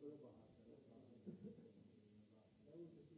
That was the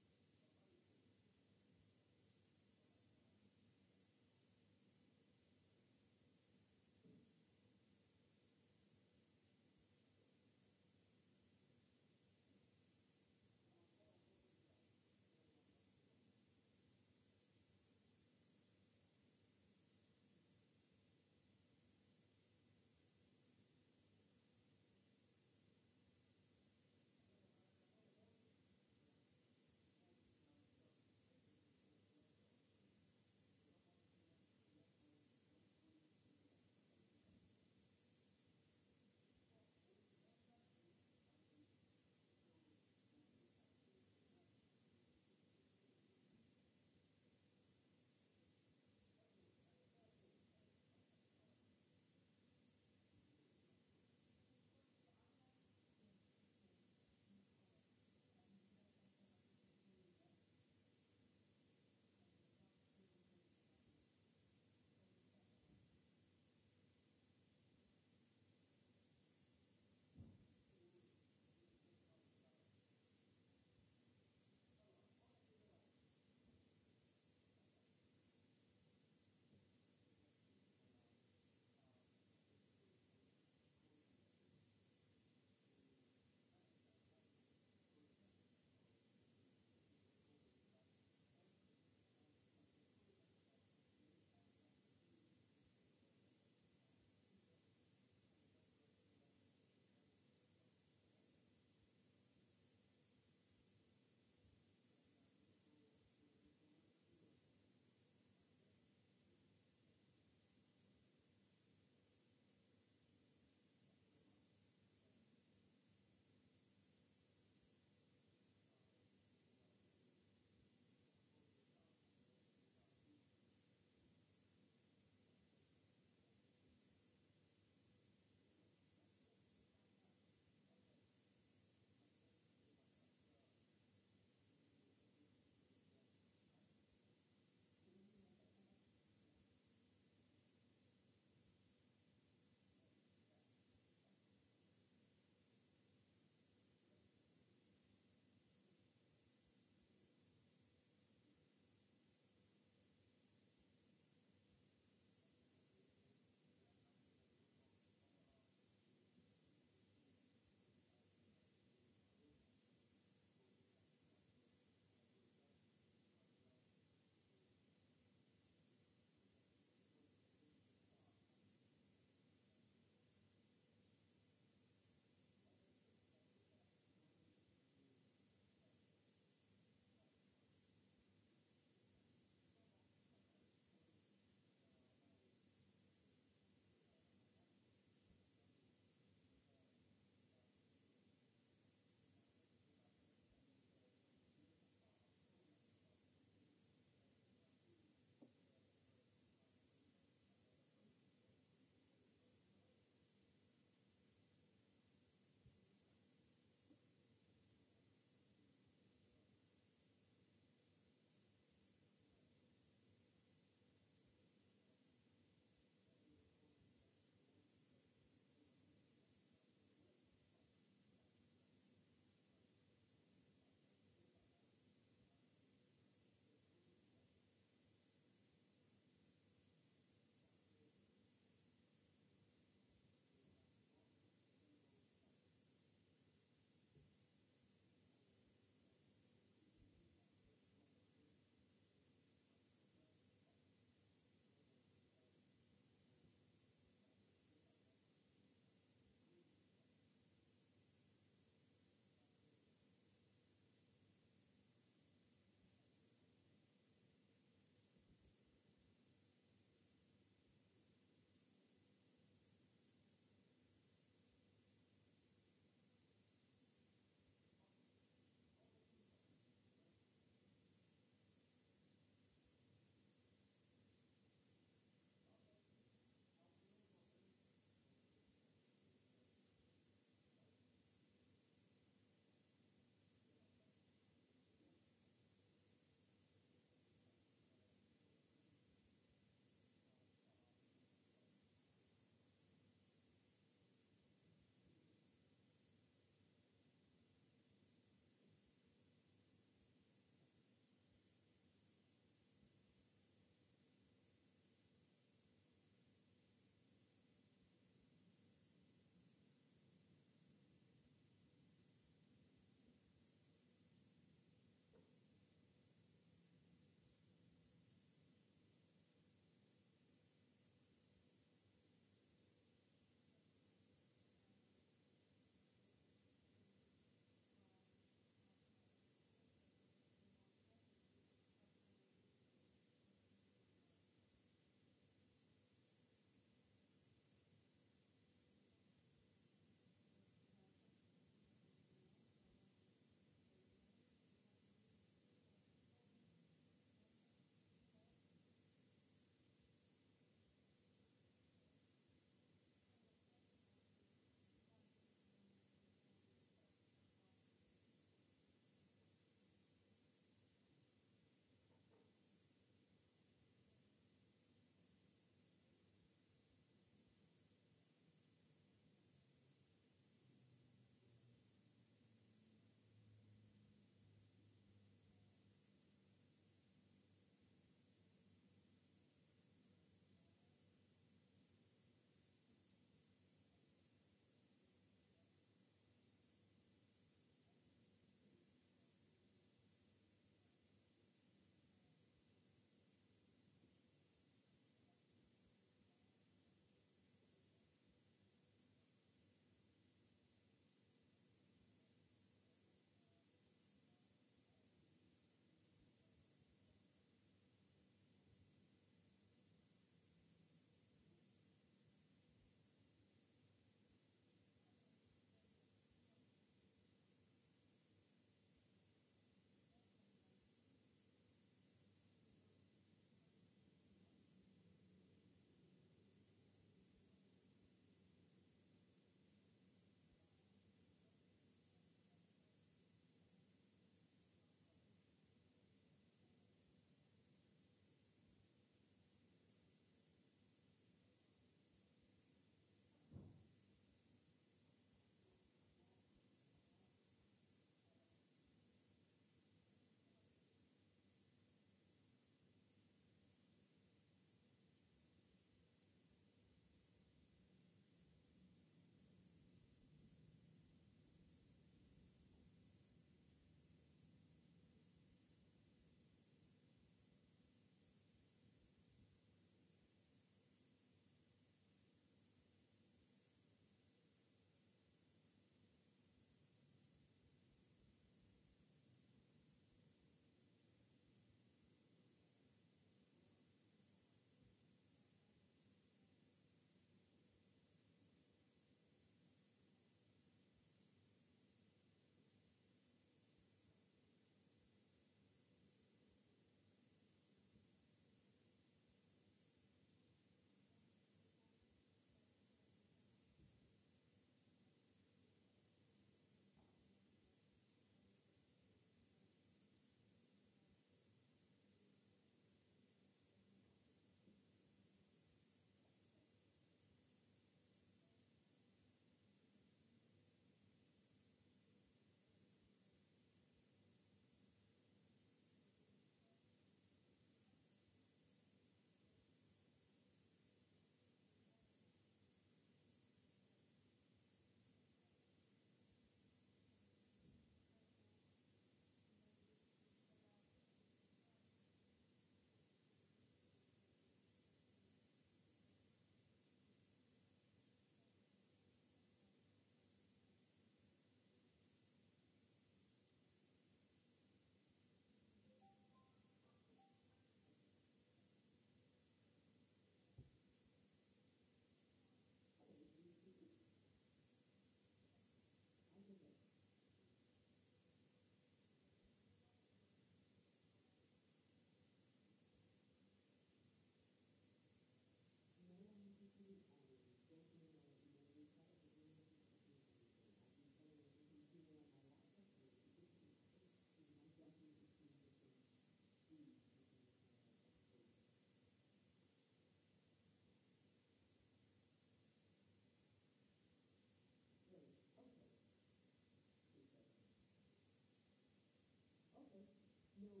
no way.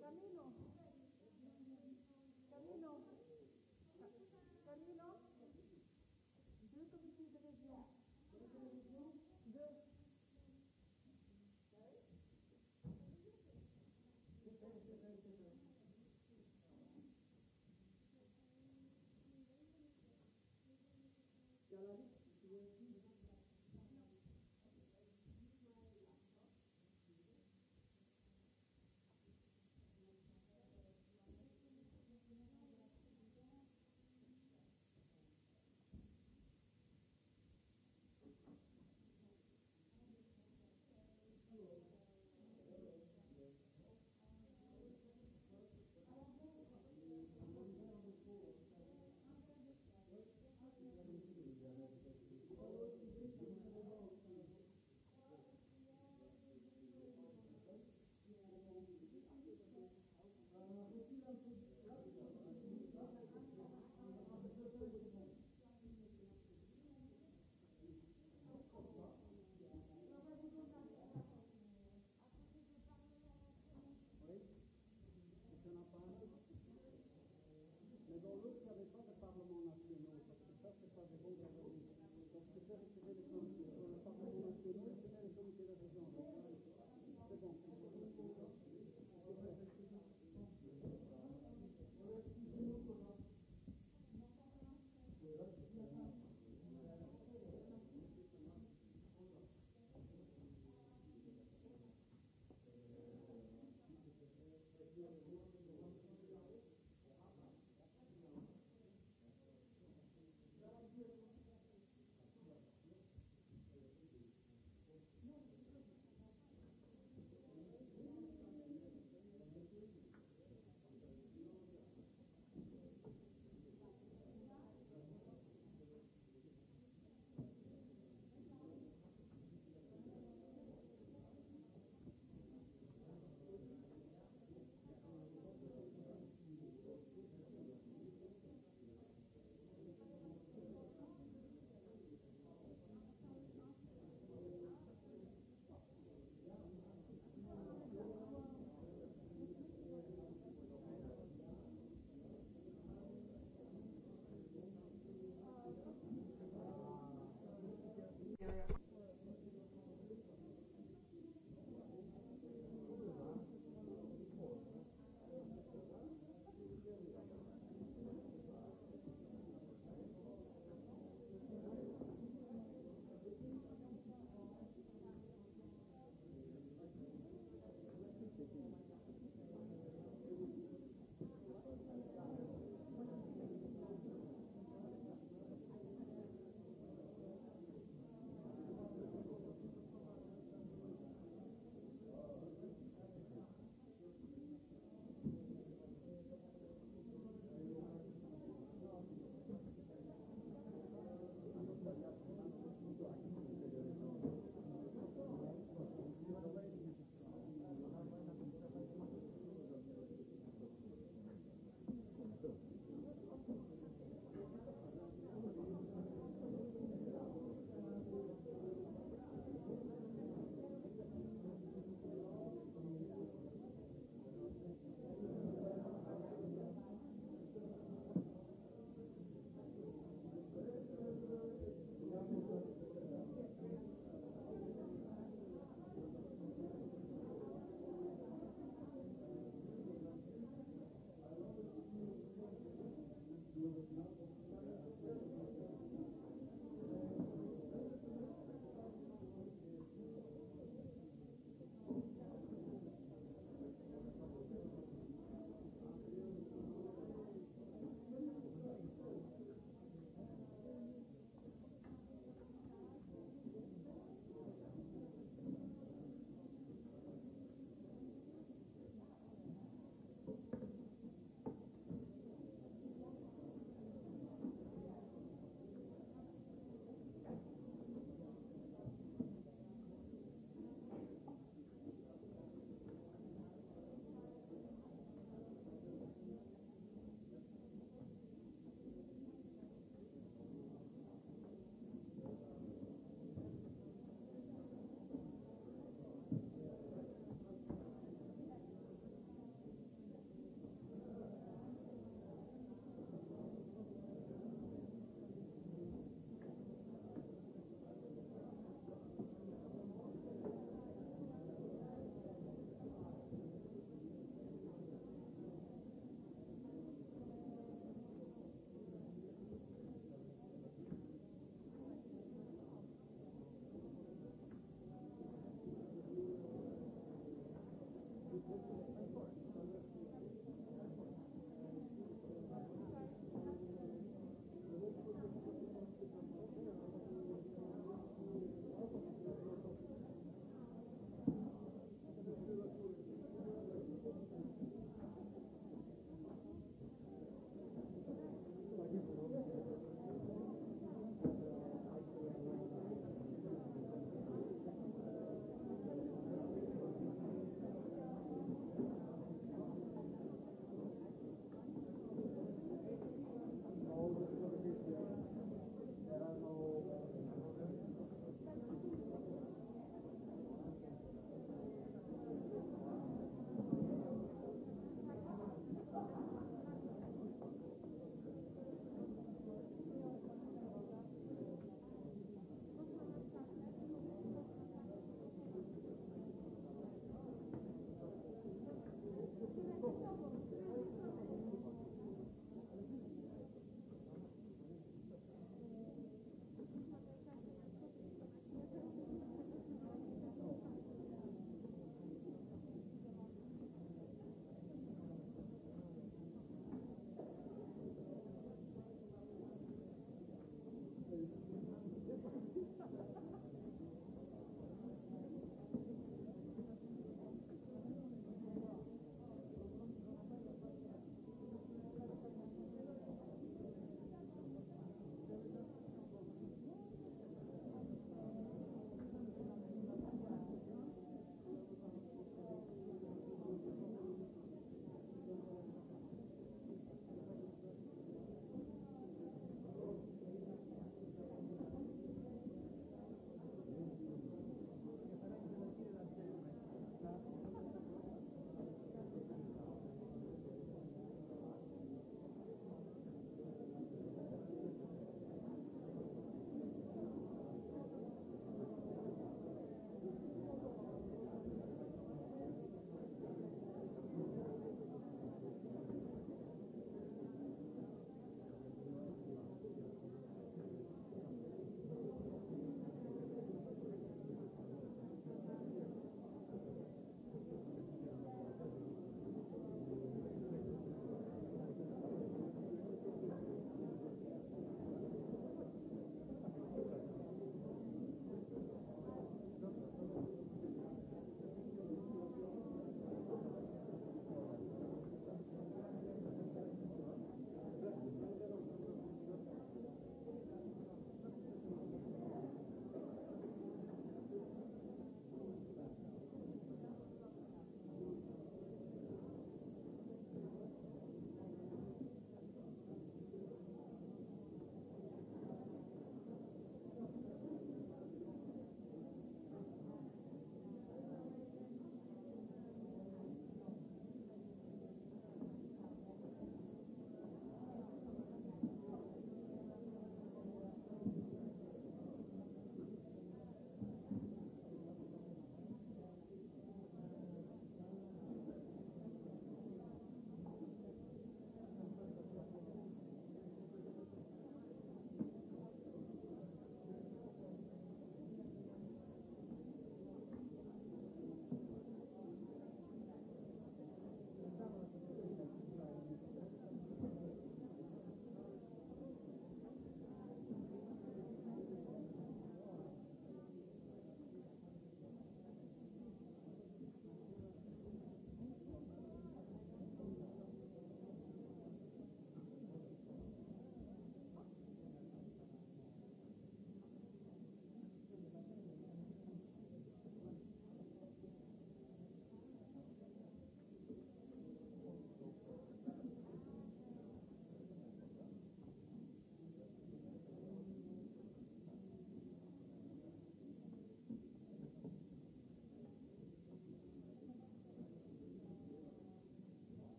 Camino, Camino, Camino, Do you believe the Parlement national, parce que ça, c'est pas des bons arguments. Donc, je préfère retirer les europe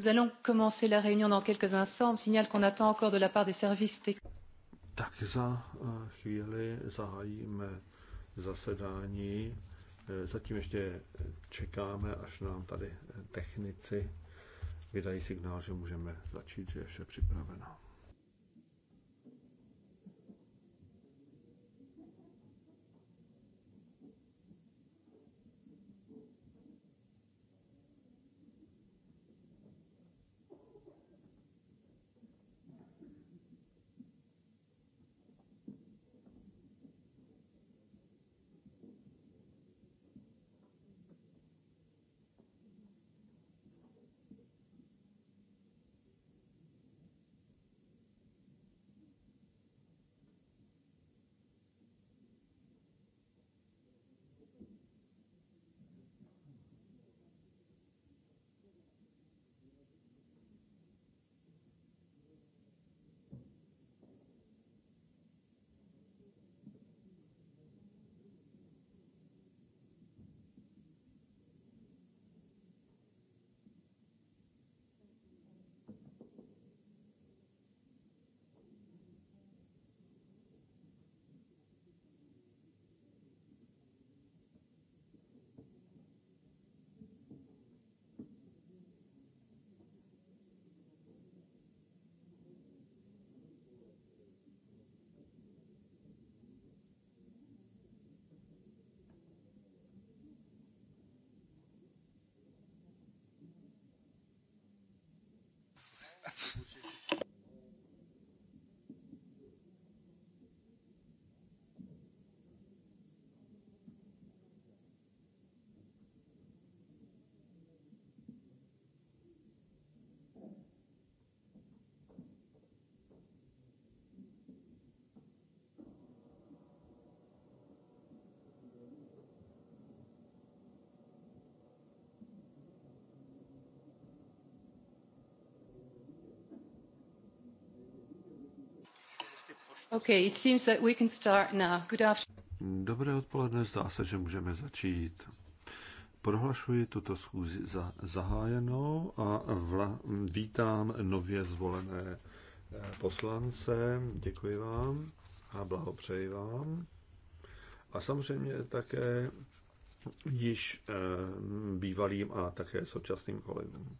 Nous allons commencer la réunion dans quelques instants. On me signale qu'on attend encore de la part des services techniques. Tak za eh, chvíli zahájíme zasedání. Eh, zatím ještě čekáme, až nám tady eh, technici vydají signál, že můžeme začít, že je vše připraveno. Okay, it seems that we can start now. Good Dobré odpoledne, zdá se, že můžeme začít. Prohlašuji tuto schůzi za zahájenou a vla, vítám nově zvolené eh, poslance. Děkuji vám a blahopřeji vám. A samozřejmě také již eh, bývalým a také současným kolegům.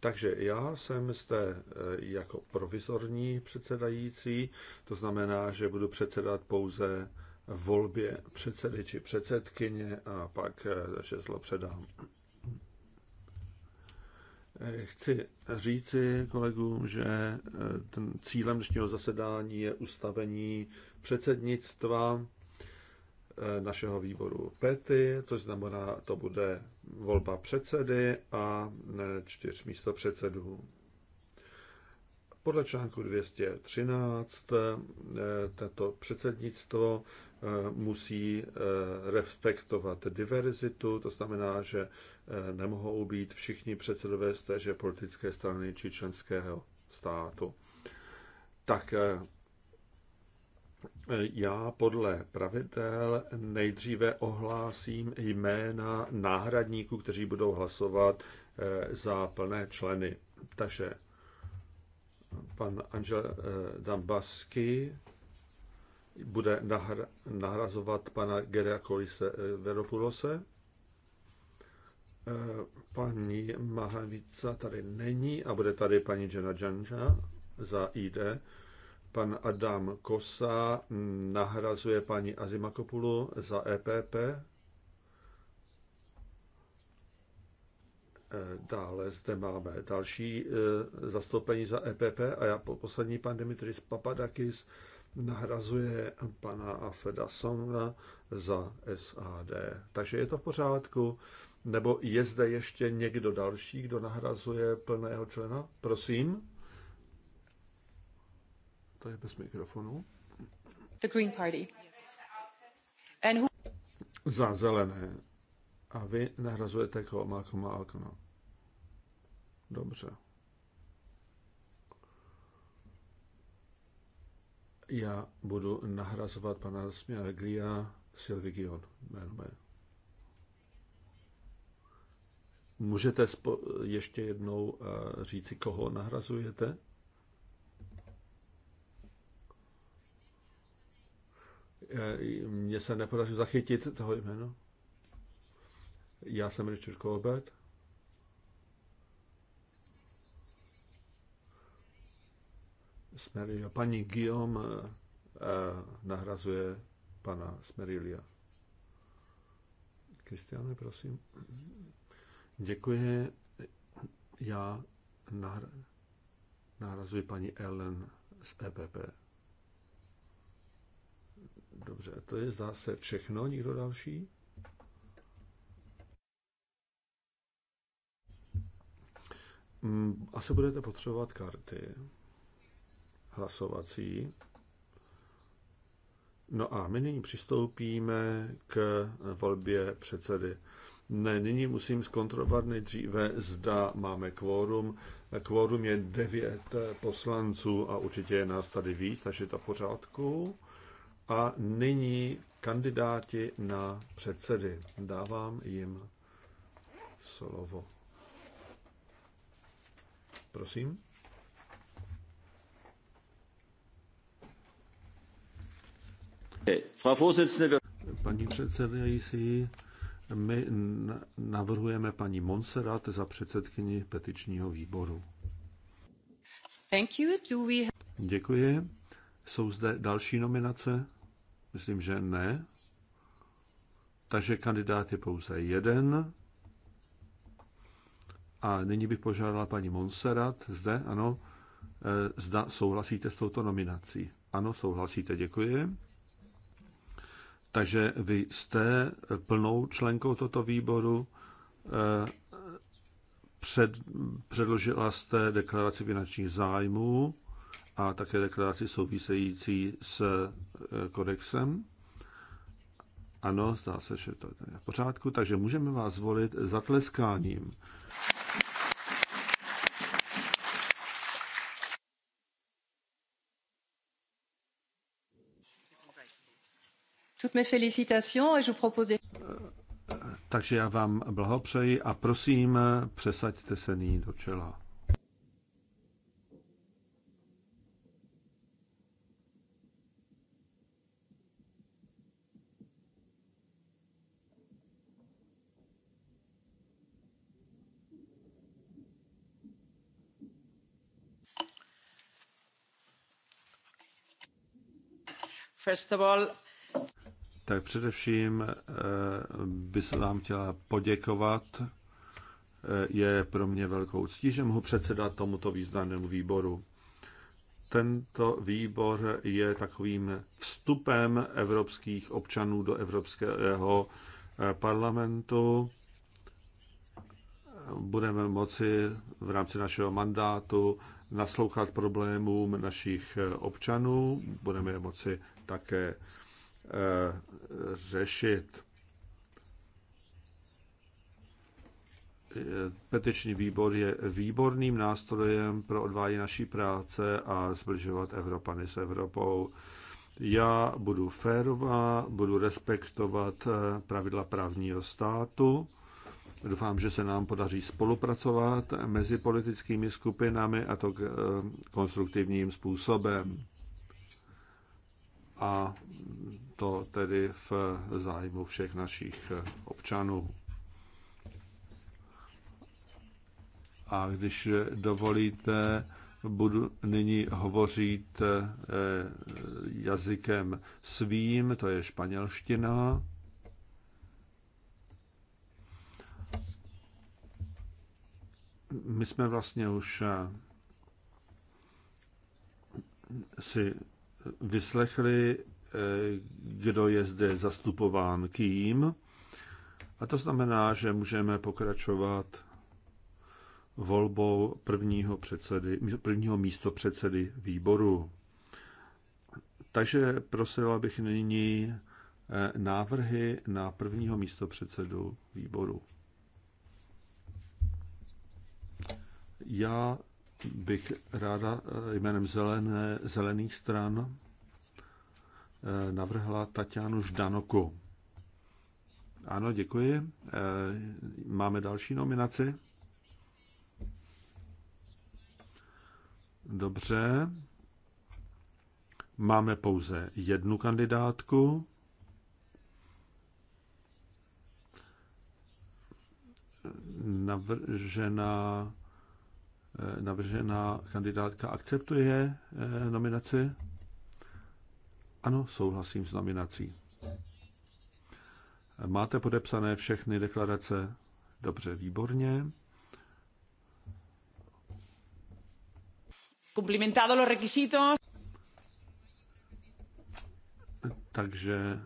Takže já jsem zde e, jako provizorní předsedající, to znamená, že budu předsedat pouze volbě předsedy či předsedkyně a pak e, žezlo předám. E, chci říci kolegům, že cílem dnešního zasedání je ustavení předsednictva Eh, našeho výboru PETY, což znamená, to bude volba předsedy a eh, čtyř místo předsedů. Podle článku 213 tato eh, předsednictvo musí respektovat diverzitu, to znamená, že nemohou být všichni předsedové z téže politické strany či členského státu. Tak já podle pravidel nejdříve ohlásím jména náhradníků, kteří budou hlasovat eh, za plné členy. Takže pan Angel eh, Dambasky bude nahrazovat pana Gerea Kolise eh, Veropulose. Paní Mahavica tady není a bude tady paní Jena Janja za ID. Pan Adam Kosa nahrazuje paní Azimakopulu za EPP. Eh, dále zde máme další eh, zastoupení za EPP a já poslední pan Dimitris Papadakis nahrazuje pana Afeda Songa za SAD. Takže je to v pořádku? Nebo je zde ještě někdo další, kdo nahrazuje plného člena? Prosím. To je bez mikrofonu. The Green Party. And who... Za zelené. A vy nahrazujete koho Malcolm Alcona. Dobře. Já budu nahrazovat pana Smiaglia Silvigion jméno mé. Můžete ještě jednou eh, říci, koho nahrazujete? Eh, mě se nepodařilo zachytit toho jméno. Já jsem Richard Colbert. Smerilio. Paní Guillaume eh, nahrazuje pana Smerilia. Kristiane, prosím. Děkuji. Já nahrazuji paní Ellen z EPP. Dobře, to je zase všechno. Nikdo další? Mm, asi budete potřebovat karty hlasovací. No a my nyní přistoupíme k volbě předsedy. Ne, nyní musím zkontrolovat nejdříve, zda máme kvórum. Kvórum je devět poslanců a určitě je nás tady víc, takže je to v pořádku. A nyní kandidáti na předsedy. Dávám jim slovo. Prosím. Paní předsedající, my navrhujeme paní Monserrat za předsedkyni petičního výboru. Děkuji. Jsou zde další nominace? Myslím, že ne. Takže kandidát je pouze jeden. A nyní bych požádala paní Monserrat, zde, ano, eh, zda souhlasíte s touto nominací. Ano, souhlasíte, děkuji. Takže vy jste plnou členkou tohoto výboru, eh, před, předložila jste deklaraci finančních zájmů a také deklaraci související s e, kodexem. Ano, zdá se, že to je v pořádku, takže můžeme vás zvolit zatleskáním. Toutes mes félicitations et je vous propose... E, e, takže já vám blahopřeji a prosím, přesaďte se ní do čela. tak především eh, bych vám chtěla poděkovat. Eh, je pro mě velkou ctí, že mohu předsedat tomuto významnému výboru. Tento výbor je takovým vstupem evropských občanů do Evropského eh, parlamentu. Budeme moci v rámci našeho mandátu naslouchat problémům našich občanů, budeme je moci také eh, řešit. Petiční výbor je výborným nástrojem pro odvádění naší práce a zbližovat Evropany s Evropou. Já budu férová, budu respektovat eh, pravidla právního státu. Doufám, že se nám podaří spolupracovat mezi politickými skupinami a to eh, konstruktivním způsobem a to tedy v zájmu všech našich občanů. A když dovolíte, budu nyní hovořit eh, jazykem svým, to je španělština. My jsme vlastně už eh, si vyslechli, eh, kdo je zde zastupován kým. A to znamená, že můžeme pokračovat volbou prvního, předsedy, prvního místo předsedy výboru. Takže prosila bych nyní eh, návrhy na prvního místo předsedu výboru. Já bych ráda eh, jménem zelené, zelených stran eh, navrhla Tatianu Ždanoku. Ano, děkuji. Eh, máme další nominaci? Dobře. Máme pouze jednu kandidátku. Navržená Eh, navržená kandidátka akceptuje eh, nominaci? Ano, souhlasím s nominací. Máte podepsané všechny deklarace? Dobře, výborně. Cumplimentado los requisitos. Takže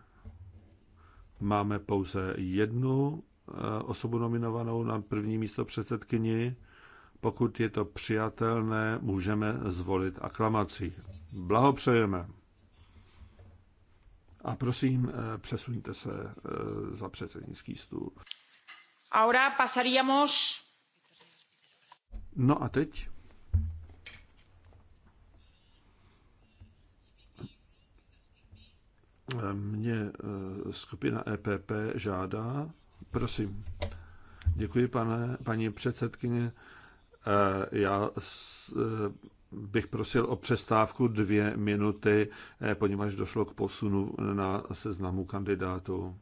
máme pouze jednu eh, osobu nominovanou na první místo předsedkyni pokud je to přijatelné, můžeme zvolit aklamací. Blahopřejeme. A prosím, eh, přesuňte se eh, za předsednický stůl. Ahora pasaríamos... No a teď? Eh, mě skupina EPP žádá. Prosím. Děkuji, pane, paní předsedkyně. Eh, já eh, bych prosil o přestávku dvě minuty, eh, poněvadž došlo k posunu na seznamu kandidátů.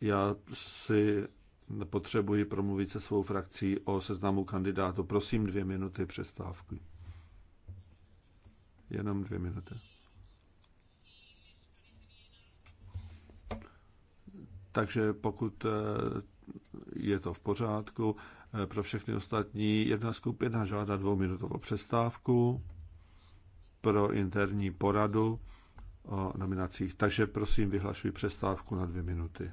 Já si potřebuji promluvit se svou frakcí o seznamu kandidátů. Prosím dvě minuty přestávky. Jenom dvě minuty. Takže pokud je to v pořádku. Eh, pro všechny ostatní jedna skupina žádá dvouminutovou přestávku pro interní poradu o nominacích. Takže prosím, vyhlašuji přestávku na dvě minuty.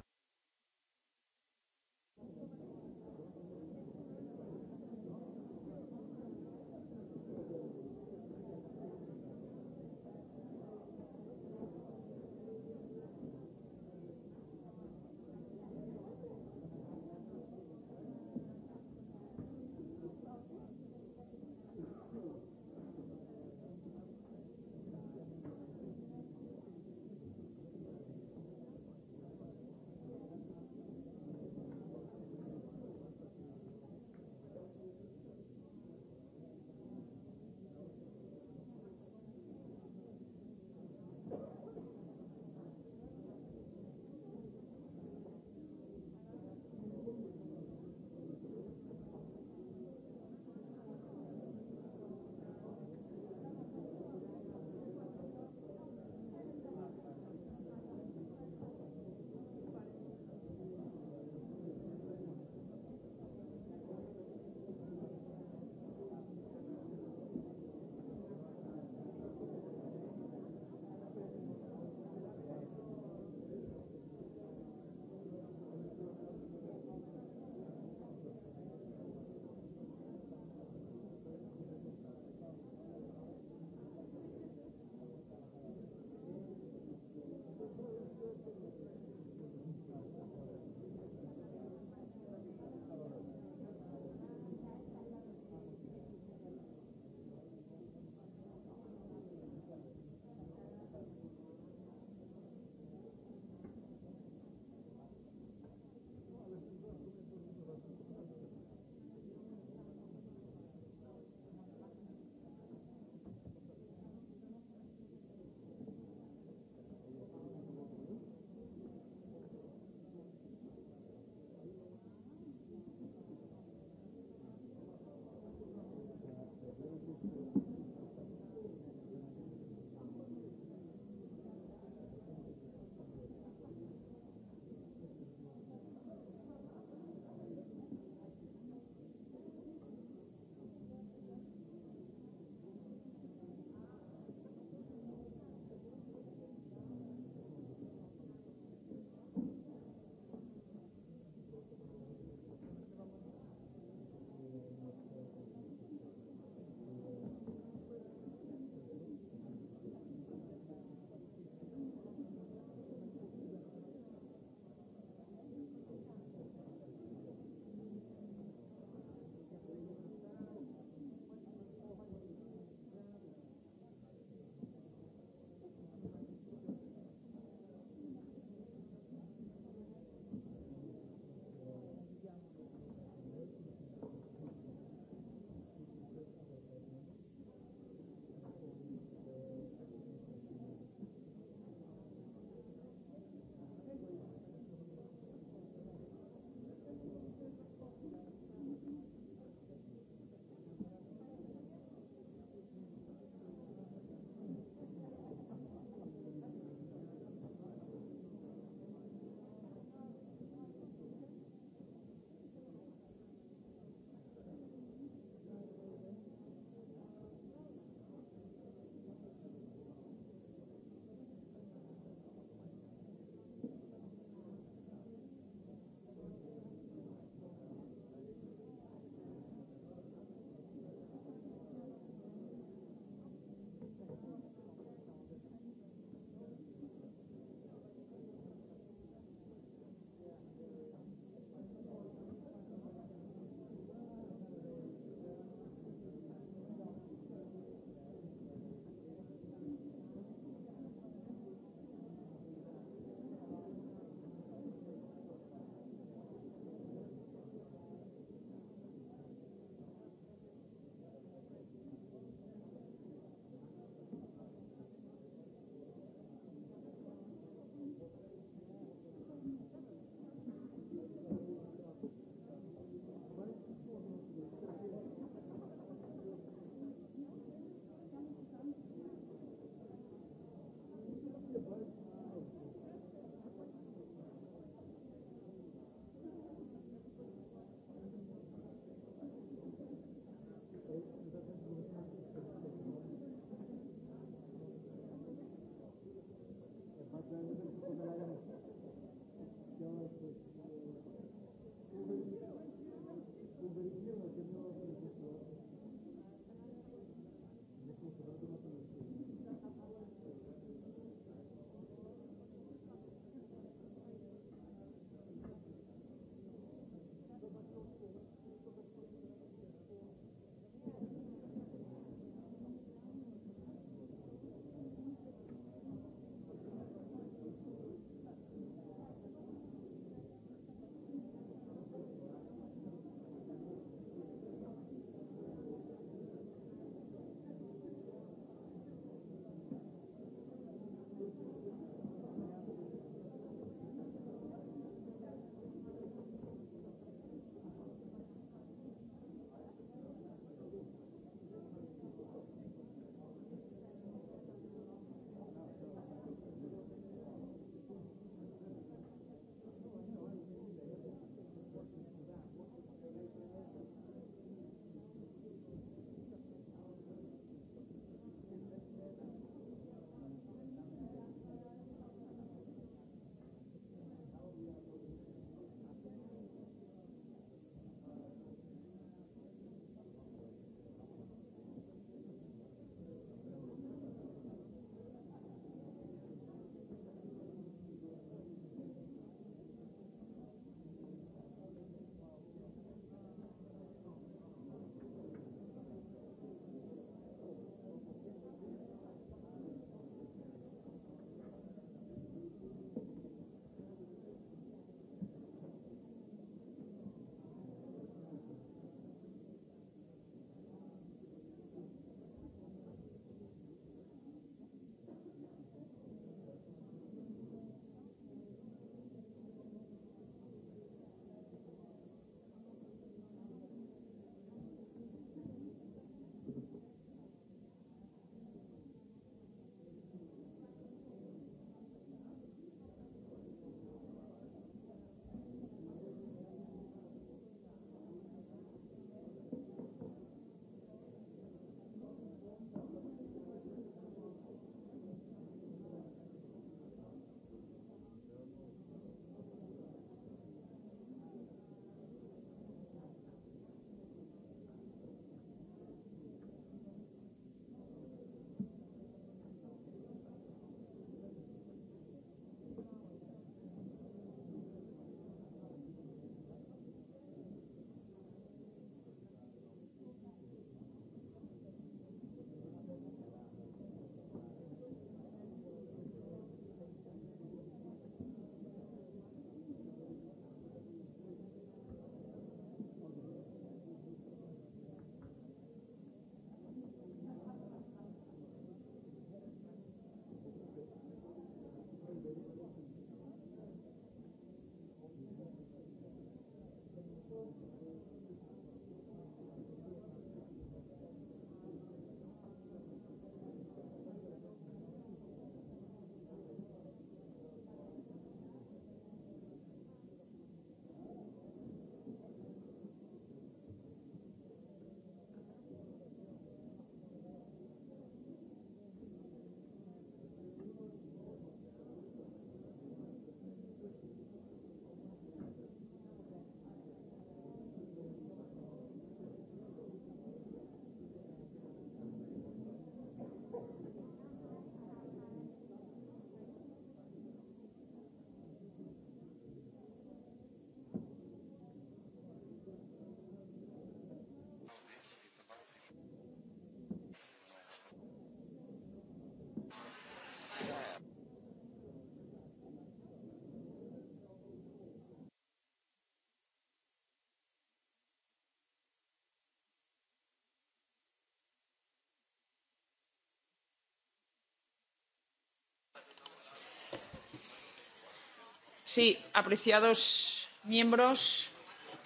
apreciados miembros,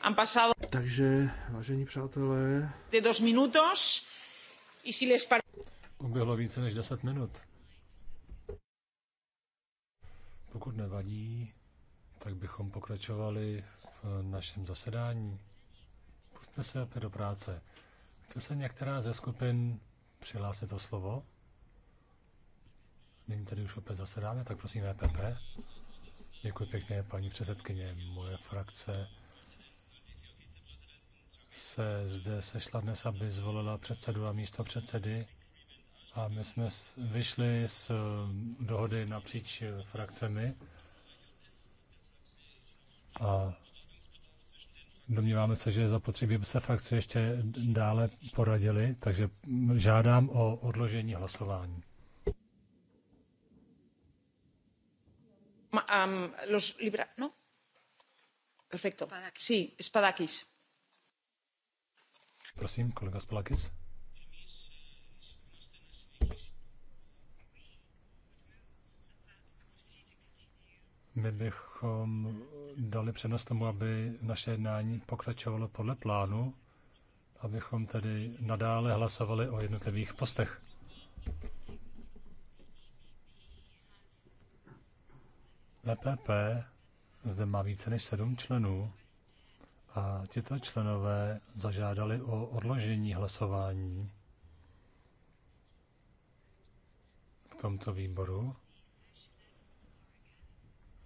han pasado... Takže, vážení přátelé... De dos minutos, y si les pare... Uběhlo více než 10 minut. Pokud nevadí, tak bychom pokračovali v našem zasedání. Pustme se opět do práce. Chce se některá ze skupin přihlásit o slovo? Nyní tady už opět zasedáme, tak prosím EPP. Děkuji pěkně, paní předsedkyně. Moje frakce se zde sešla dnes, aby zvolila předsedu a místo předsedy. A my jsme vyšli z eh, dohody napříč eh, frakcemi. A domníváme se, že je zapotřebí, aby se frakce ještě dále poradily, takže žádám o odložení hlasování. Um, los libra... ¿No? Perfecto. Sí, Spadakis. Prosím, kolega Spadakis. My bychom dali přednost tomu, aby naše jednání pokračovalo podle plánu, abychom tedy nadále hlasovali o jednotlivých postech. EPP zde má více než sedm členů a tito členové zažádali o odložení hlasování v tomto výboru.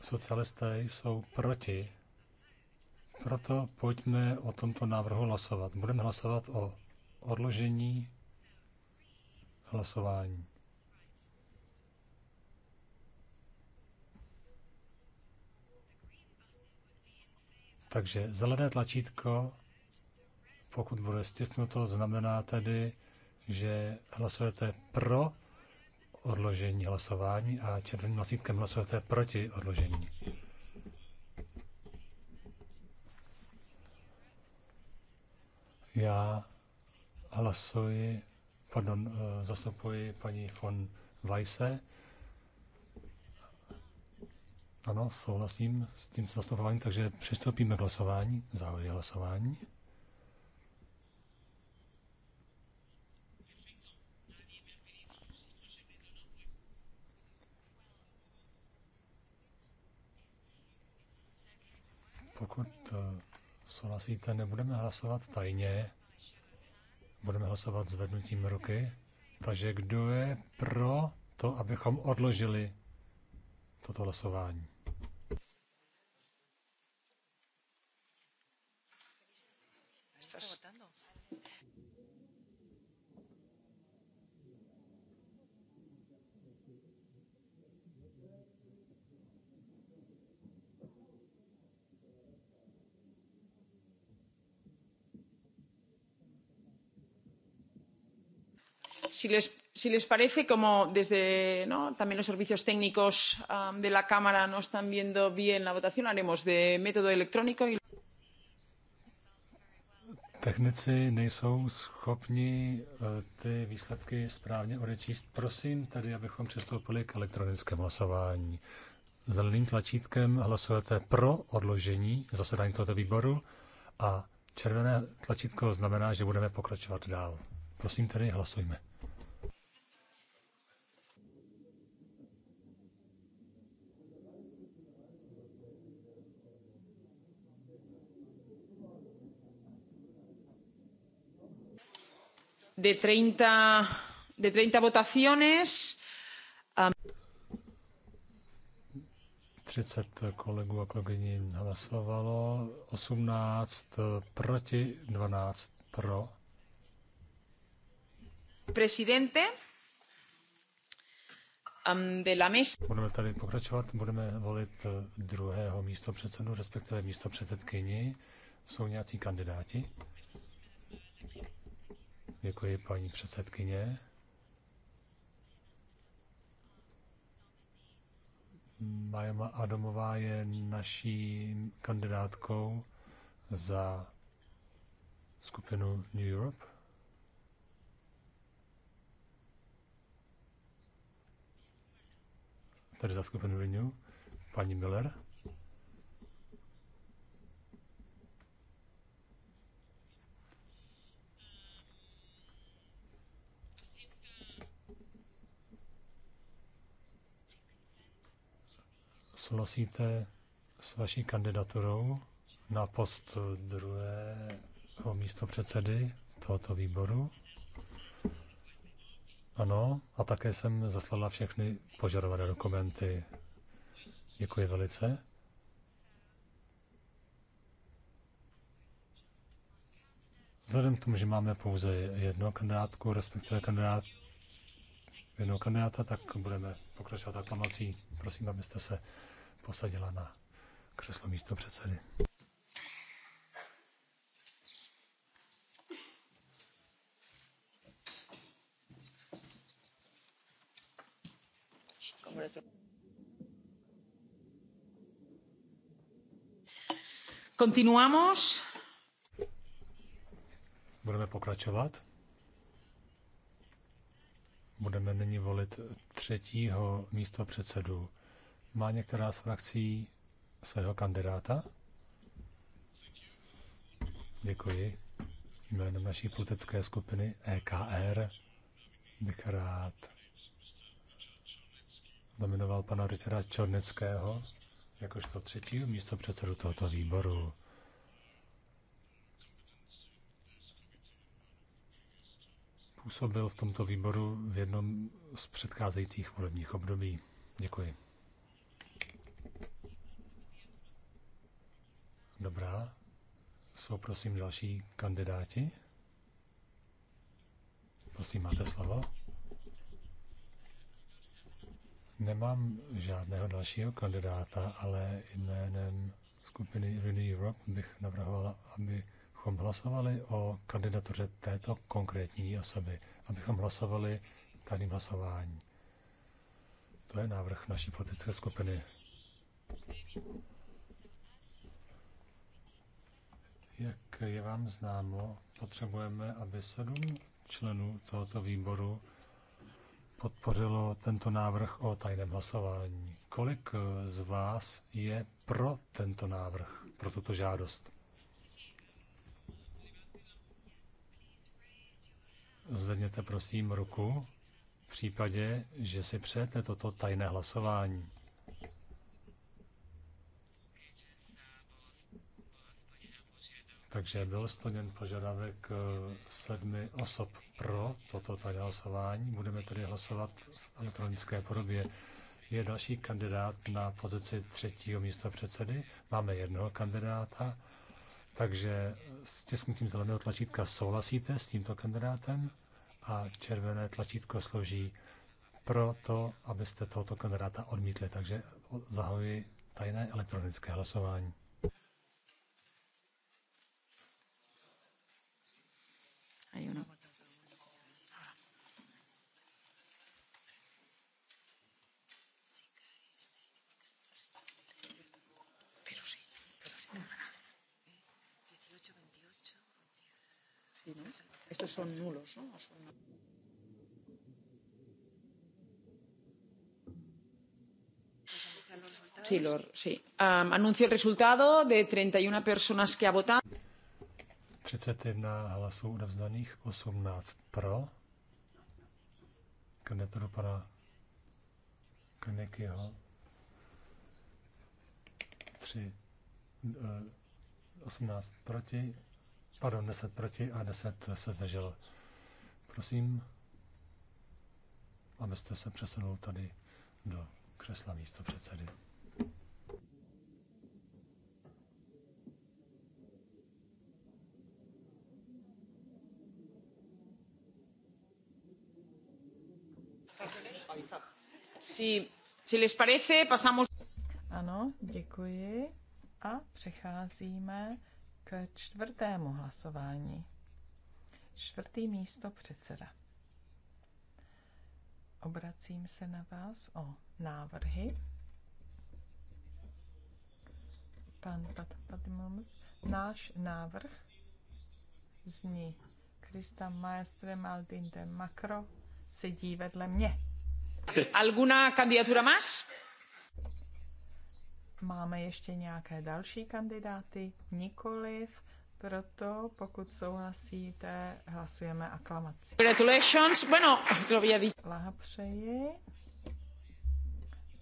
Socialisté jsou proti, proto pojďme o tomto návrhu hlasovat. Budeme hlasovat o odložení hlasování. Takže zelené tlačítko, pokud bude stisnuto, znamená tedy, že hlasujete pro odložení hlasování a červeným hlasítkem hlasujete proti odložení. Já hlasuji, pardon, zastupuji paní von Weisse, ano, souhlasím s tím zastupováním, takže přistoupíme k hlasování. Zahajuji hlasování. Pokud eh, souhlasíte, nebudeme hlasovat tajně, budeme hlasovat zvednutím ruky. Takže kdo je pro to, abychom odložili toto hlasování? σας. Si les, si les parece, como desde ¿no? también los servicios técnicos um, de la Cámara no están viendo bien la votación, haremos de método electrónico y Technici nejsou schopni eh, ty výsledky správně odečíst. Prosím tedy, abychom přistoupili k elektronickému hlasování. Zeleným tlačítkem hlasujete pro odložení zasedání tohoto výboru a červené tlačítko znamená, že budeme pokračovat dál. Prosím tedy, hlasujme. de 30, de 30 votaciones. Um... 30 kolegů a kolegyní hlasovalo, 18 proti, 12 pro. Presidente de la mesa. Budeme tady pokračovat, budeme volit druhého místo předsedu, respektive místo předsedkyni. Jsou nějací kandidáti? Děkuji, paní předsedkyně. Majama Adamová je naší kandidátkou za skupinu New Europe. Tady za skupinu Renew, paní Miller. souhlasíte s vaší kandidaturou na post druhého místo předsedy tohoto výboru? Ano, a také jsem zaslala všechny požadované dokumenty. Děkuji velice. Vzhledem k tomu, že máme pouze jednu kandidátku, respektive kandidát, jednoho kandidáta, tak budeme pokračovat aklamací. Prosím, abyste se posadila na křeslo místo předsedy. Continuamos. Budeme pokračovat. Budeme nyní volit třetího místo předsedu má některá z frakcí svého kandidáta? Děkuji. Jménem naší politické skupiny EKR bych rád nominoval pana Richarda Čornického jakožto třetího místo předsedu tohoto výboru. Působil v tomto výboru v jednom z předcházejících volebních období. Děkuji. Dobrá. Jsou prosím další kandidáti? Prosím, máte slovo. Nemám žádného dalšího kandidáta, ale jménem skupiny Renew Europe bych navrhovala, abychom hlasovali o kandidatuře této konkrétní osoby, abychom hlasovali tady hlasování. To je návrh naší politické skupiny. Jak je vám známo, potřebujeme, aby sedm členů tohoto výboru podpořilo tento návrh o tajném hlasování. Kolik eh, z vás je pro tento návrh, pro tuto žádost? Zvedněte prosím ruku v případě, že si přejete toto tajné hlasování. Takže byl splněn požadavek eh, sedmi osob pro toto tady hlasování. Budeme tedy hlasovat v elektronické podobě. Je další kandidát na pozici třetího místa předsedy. Máme jednoho kandidáta. Takže s těsknutím zeleného tlačítka souhlasíte s tímto kandidátem a červené tlačítko složí pro to, abyste tohoto kandidáta odmítli. Takže zahajuji tajné elektronické hlasování. hay uno. Pero ¿no? Estos son nulos, ¿no? Son... Sí, lo, sí. Um, anuncio el resultado de 31 personas que ha votado. 31 hlasů odevzdaných, 18 pro. Kandidatura pana Kanekyho. 3, 18 proti, pardon, 10 proti a 10 se zdrželo. Prosím, abyste se přesunul tady do křesla místo předsedy. Si, si les parece, pasamos... Ano, děkuji. A přecházíme k čtvrtému hlasování. Čtvrtý místo předseda. Obracím se na vás o návrhy. Pan Patmons, náš návrh zní Krista Maestre Maldinde Makro sedí vedle mě. Alguna candidatura más? Máme ještě nějaké další kandidáty? Nikoliv. Proto, pokud souhlasíte, hlasujeme aklamací. Congratulations. Bueno, lo había dicho.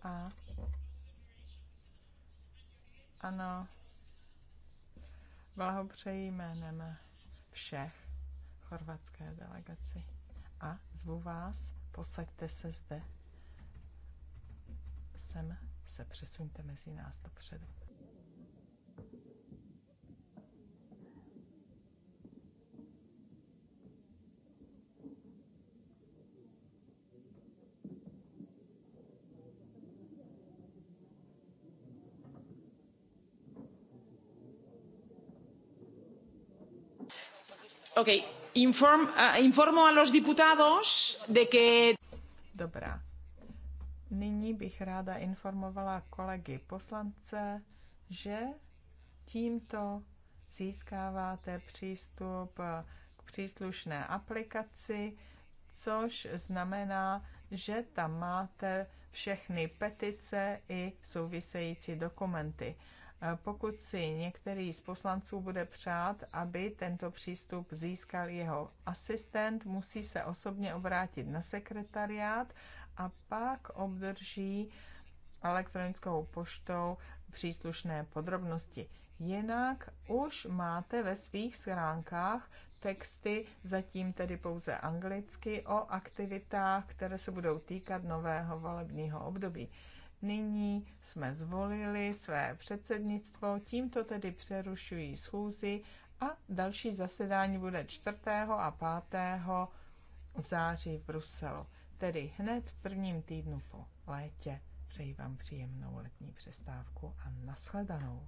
A ano, blahopřeji jménem všech chorvatské delegaci a zvu vás Posaďte se zde sem, se přesuňte mezi nás dopředu. Okay. Eh, informo a los diputados de que... Dobrá. Nyní bych ráda informovala kolegy poslance, že tímto získáváte přístup k příslušné aplikaci, což znamená, že tam máte všechny petice i související dokumenty. Pokud si některý z poslanců bude přát, aby tento přístup získal jeho asistent, musí se osobně obrátit na sekretariát a pak obdrží elektronickou poštou příslušné podrobnosti. Jinak už máte ve svých schránkách texty, zatím tedy pouze anglicky, o aktivitách, které se budou týkat nového volebního období. Nyní jsme zvolili své předsednictvo, tímto tedy přerušují schůzi a další zasedání bude 4. a 5. září v Bruselu, tedy hned v prvním týdnu po létě. Přeji vám příjemnou letní přestávku a nashledanou.